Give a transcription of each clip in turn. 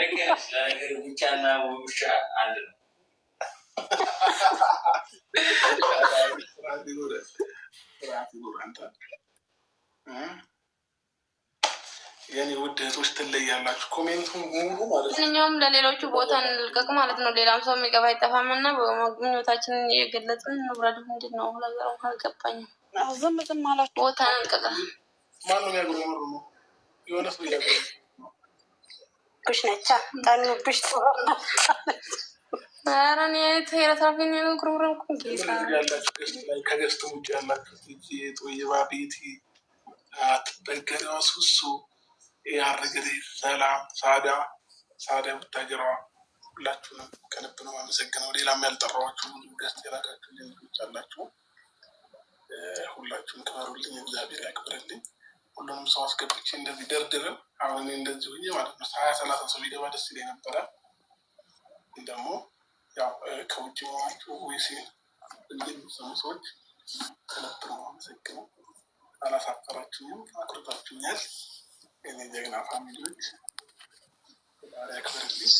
ለነገር ውሻ አንድ ነው። የኔ ውድ እህቶች ትለያላችሁ። ሙሉ ማለት ነው። እኛውም ለሌሎቹ ቦታ እንልቀቅ ማለት ነው። ሌላም ሰው የሚገባ አይጠፋም እና በምኞታችንን እየገለጽን ንብረዱ ምንድን ነው? ነገሩ አልገባኝም። ዝም ዝም አላችሁ። ቦታ እንልቀቅ። ነው የሆነ ሰው ብሽ ነቻ ጠኑ ብሽ ረን ውጭ ያላችሁት የጦይባ ቤት አትበገሪዋ ሱሱ የአረገሬ ሰላም ሳዳ ሳዳ የምታጀረዋ ሁላችሁንም ከልብ ነው አመሰግነው። ሌላም ያልጠራዋችሁ ገስት የላካችሁ ልጆች አላችሁ። ሁላችሁም ክበሩልኝ፣ እግዚአብሔር ያክብርልኝ። ሁሉም ሰው አስገብቼ እንደዚህ ደርድርም አሁን እንደዚህ ሁኜ ማለት ነው ሀያ ሰላሳ ሰው ቢገባ ደስ ይለኝ ነበረ። ደግሞ ያው ከውጭ ሆናችሁ ወይሴ እንደሚሰሙ ሰዎች ከልብ ነው አመሰግነው። አላሳፈራችሁም፣ አኩርታችሁኛል። እኔ ጀግና ፋሚሊዎች ዛሬ አክብርልኝ።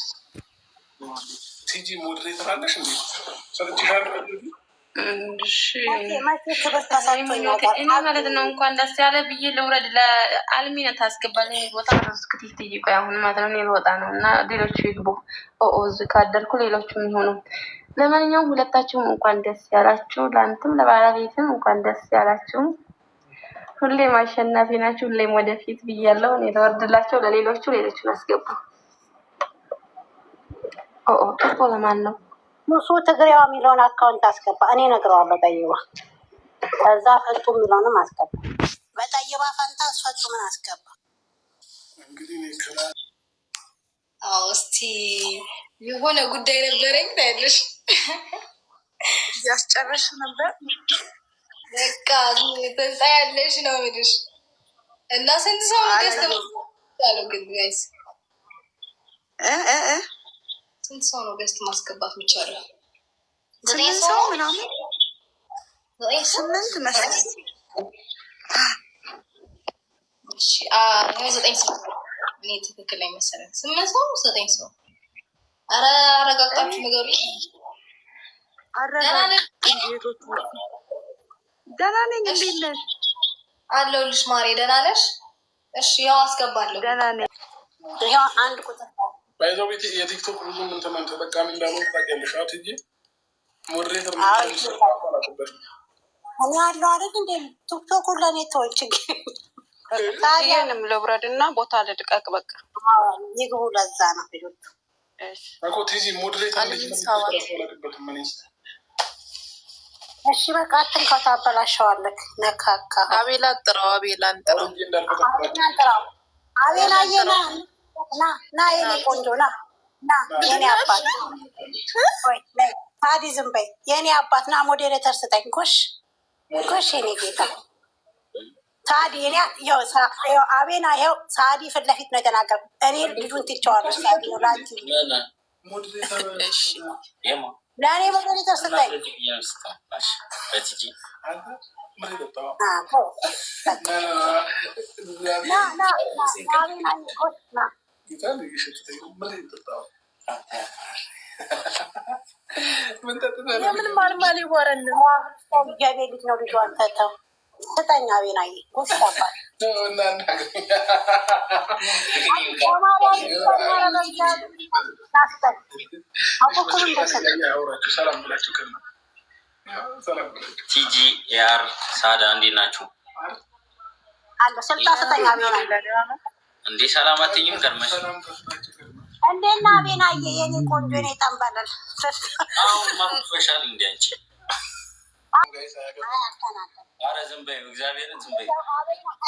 ቲጂ ሞድሬተር አለሽ እንዴ? ሰርቲሻል እኔ ማለት ነው እንኳን ደስ ያለ ብዬ ልውረድ። ለአልሚነት አስገባል ቦታ ስክቲት ጠይቆ አሁን ማለት ነው ልወጣ ነው እና ሌሎቹ ይግቡ ኦኦዝ ካደርኩ ሌሎቹ የሚሆኑ ለማንኛውም ሁለታችሁም እንኳን ደስ ያላችሁ። ለባለቤትም እንኳን ደስ ያላችሁ። ሁሌም አሸናፊ ናችሁ። ሁሌም ወደፊት ብያለሁ። እኔ ለሌሎቹ ሌሎቹን አስገቡ። ኦኦ ለማን ነው? ንሱ ትግሬዋ የሚለውን አካውንት አስገባ። እኔ ነግረዋለሁ። ጠይባ ከዛ ፈጡ የሚለውንም አስገባ። በጠይባ ፈንታ ፈጡ ምን አስገባ። አዎ እስቲ የሆነ ጉዳይ ነበረኝ ታያለሽ። እያስጨረሽ ነበር በቃ ተንጻ ያለሽ ነው ምልሽ እና ስንት ሰው ገስ ግን ጋይስ ስንት ሰው ነው ገስት ማስገባት የሚቻለው? ዘጠኝ ሰው ምናምን ስምንት መሰለኝ። ዘጠኝ ሰው እኔ ትክክል ስምንት ሰው ዘጠኝ ሰው። አረ አረጋግጣችሁ ነገሩ ደህና ነኝ። እንዴት ነሽ? አለሁልሽ ማሬ። ደህና ነሽ? እሺ ያው አስገባለሁ። ደህና ነኝ። ያው አንድ ቁጥር ባይዘው ቤት የቲክቶክ ብዙ ምንትናን ተጠቃሚ እንዳልሆን ታውቂያለሽ። አትዬ ሞዴሬተር እኔ አለው አይደል እንዴ? ቲክቶክ ለእኔ ተወኝ። ችግር ታዲያንም ልውረድ እና ቦታ ልልቀቅ። በቃ ይግቡ። ለዛ ነው ልጆቹ እኮ ቲዚ ሞዴሬተር አላውቅበትም እሺ በቃ አትንካው፣ ታበላሸዋለህ። ነካካ አቤላ ጥራው፣ አቤላ ጥራው፣ አቤላ ጥራው፣ አቤላ የና ና ና የኔ ቆንጆ ና ና የኔ አባት ታዲ ዝም በይ የኔ አባት ና ሞዴሬተር ስጠኝ። ጎሽ ጎሽ የኔ ጌታ ሳዲ እኔ ያው አቤና ያው ሳዲ ፊት ለፊት ነው የተናገርኩት። እኔ ልጁን ትቼዋለሁ። ሳዲ ነው ላንቺ ለእኔ ሞዴሬተር ስጠኝ። ና ና ና ና የምንም አልማ ሊወረን እግዚአብሔር ልጅ ነው። ልጇን ተተው ስጠኛ ቤናዬ ጎሽ አባት ቲጂ ኤአር ሳዳ እንዴት ናችሁ? ስልጣ ስጠኛ ቤናዬ እንዴ ሰላም አትይኝም? ገርመሽ እንዴና የ የኔ ቆንጆ ኔ ጠንበላል አሁን ማፈሻል እንዲ አንቺ አረ ዝም በይ፣ እግዚአብሔርን ዝም በይ።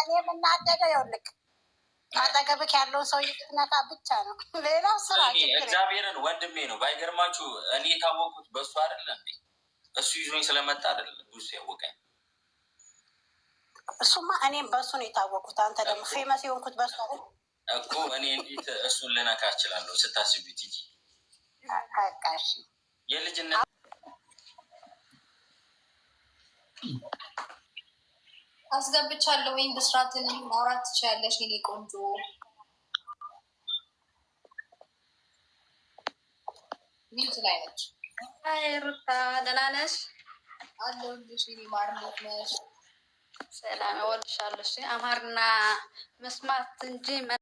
እኔ የምናደገ የውልቅ አጠገብህ ያለውን ሰው ነካ ብቻ ነው። ሌላው ስራ እግዚአብሔርን ወንድሜ ነው። ባይገርማችሁ እኔ የታወቅኩት በእሱ አይደለ እንዴ? እሱ ይዞኝ ስለመጣ አይደለ ብዙ ያወቀኝ እሱማ እኔም በእሱ ነው የታወቁት። አንተ ደግሞ ፌመስ የሆንኩት በሱ እኮ እኔ እንዴት እሱን ልነካ እችላለሁ? ስታስቢት እ የልጅነት አስገብቻለሁ ወይም ብስራትን ማውራት ትችላለሽ። እኔ ቆንጆ ሚት ላይ ነች። ሩታ ደህና ነሽ? አለሁልሽ። ማርሞት ነሽ? ሰላም እወድሻለሁ። እሺ መስማት እንጂ